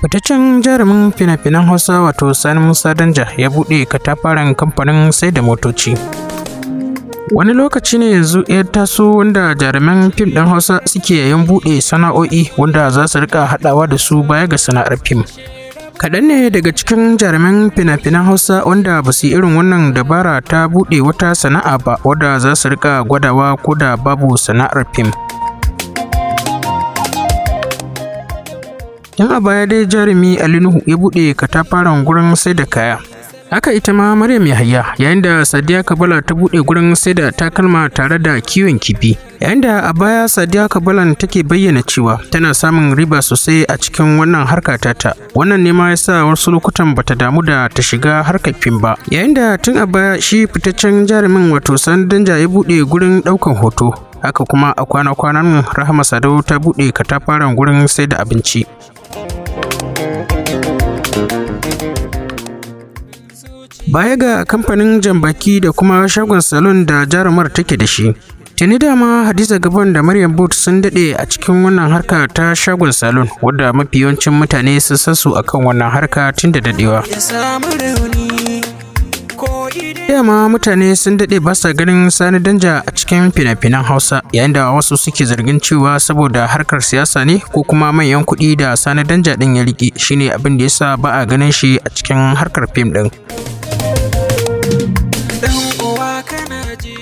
fitaccen jarumin fina-finan hausa wato sani musa danja ya buɗe katafaren kamfanin sai da motoci wani lokaci ne yanzu ya taso wanda jarumin fim ɗin hausa suke yayin buɗe sana'o'i wanda za su rika haɗawa da su baya ga sana'ar fim kaɗan ne daga cikin jarumin fina-finan hausa wanda ba su irin wannan dabara ta buɗe wata sana'a ba wadda za su rika gwadawa ko da babu sana'ar fim Tun a baya dai jarumi Ali Nuhu ya buɗe katafaren gurin sai da kaya. Haka ita ma Maryam Yahaya yayin da Sadiya Kabala ta buɗe gurin sai da takalma tare da kiwon kifi. Yayin da a baya Sadiya Kabalan take bayyana cewa tana samun riba sosai a cikin wannan harka tata. Wannan ne ma yasa wasu lokutan bata damu da ta shiga harkar fim ba. Yayin da tun a baya shi fitaccen jarumin wato Sandanja ya buɗe gurin ɗaukan hoto. Haka kuma a kwana-kwanan Rahama Sadau ta buɗe katafaren gurin sai da abinci. baya ga kamfanin jambaki da kuma shagon salon da jarumar take da shi tuni dama hadiza gabon da maryam boot sun daɗe a cikin wannan harka ta shagon salon wadda mafi yawancin mutane sun sasu akan wannan harka tun da daɗewa dama mutane sun daɗe ba sa ganin sani danja a cikin fina-finan hausa yayin da wasu suke zargin cewa saboda harkar siyasa ne ko kuma manyan kuɗi da sani danja ɗin ya riƙe shine abin da yasa ba a ganin shi a cikin harkar fim ɗin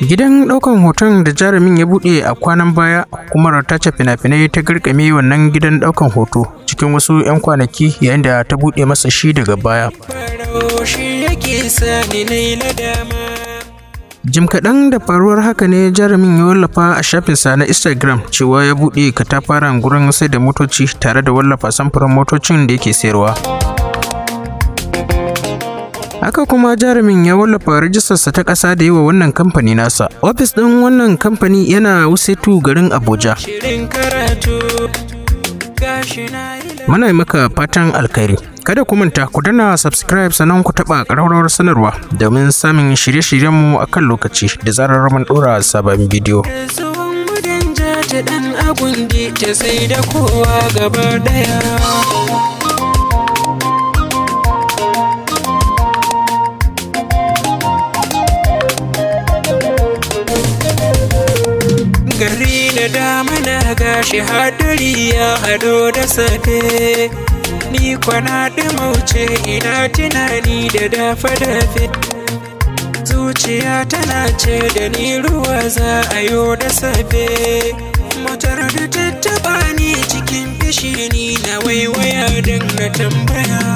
Gidan ɗaukan hoton da jarumin ya buɗe a kwanan baya kuma ratace fina-finai ta girkame wannan gidan ɗaukan hoto cikin wasu 'yan kwanaki yayin da ta buɗe masa shi daga baya. Jim kaɗan da faruwar haka ne jarumin ya wallafa a shafinsa na Instagram cewa ya buɗe katafaren gurin sai da motoci tare da wallafa samfurin motocin da yake sayarwa. Haka kuma jarumin ya wallafa rajistarsa ta ƙasa da yi wannan kamfani nasa. Ofis ɗin wannan kamfani yana Wusetu garin Abuja. Muna maka fatan alkhairi. Kada ku manta ku dana subscribe sannan ku taɓa ƙararrawar sanarwa domin samun shirye-shiryenmu a kan lokaci da zarar mun ɗora sabon bidiyo. ɗan sai da kowa gaba ɗaya. gari da dama na gashi hadari ya hado da safe ni kwana da mauce ina tunani da dafa dafe zuciya tana ce da ni ruwa za a yo da safe Motar da tattaba ni cikin fishi ni na waiwaya don tambaya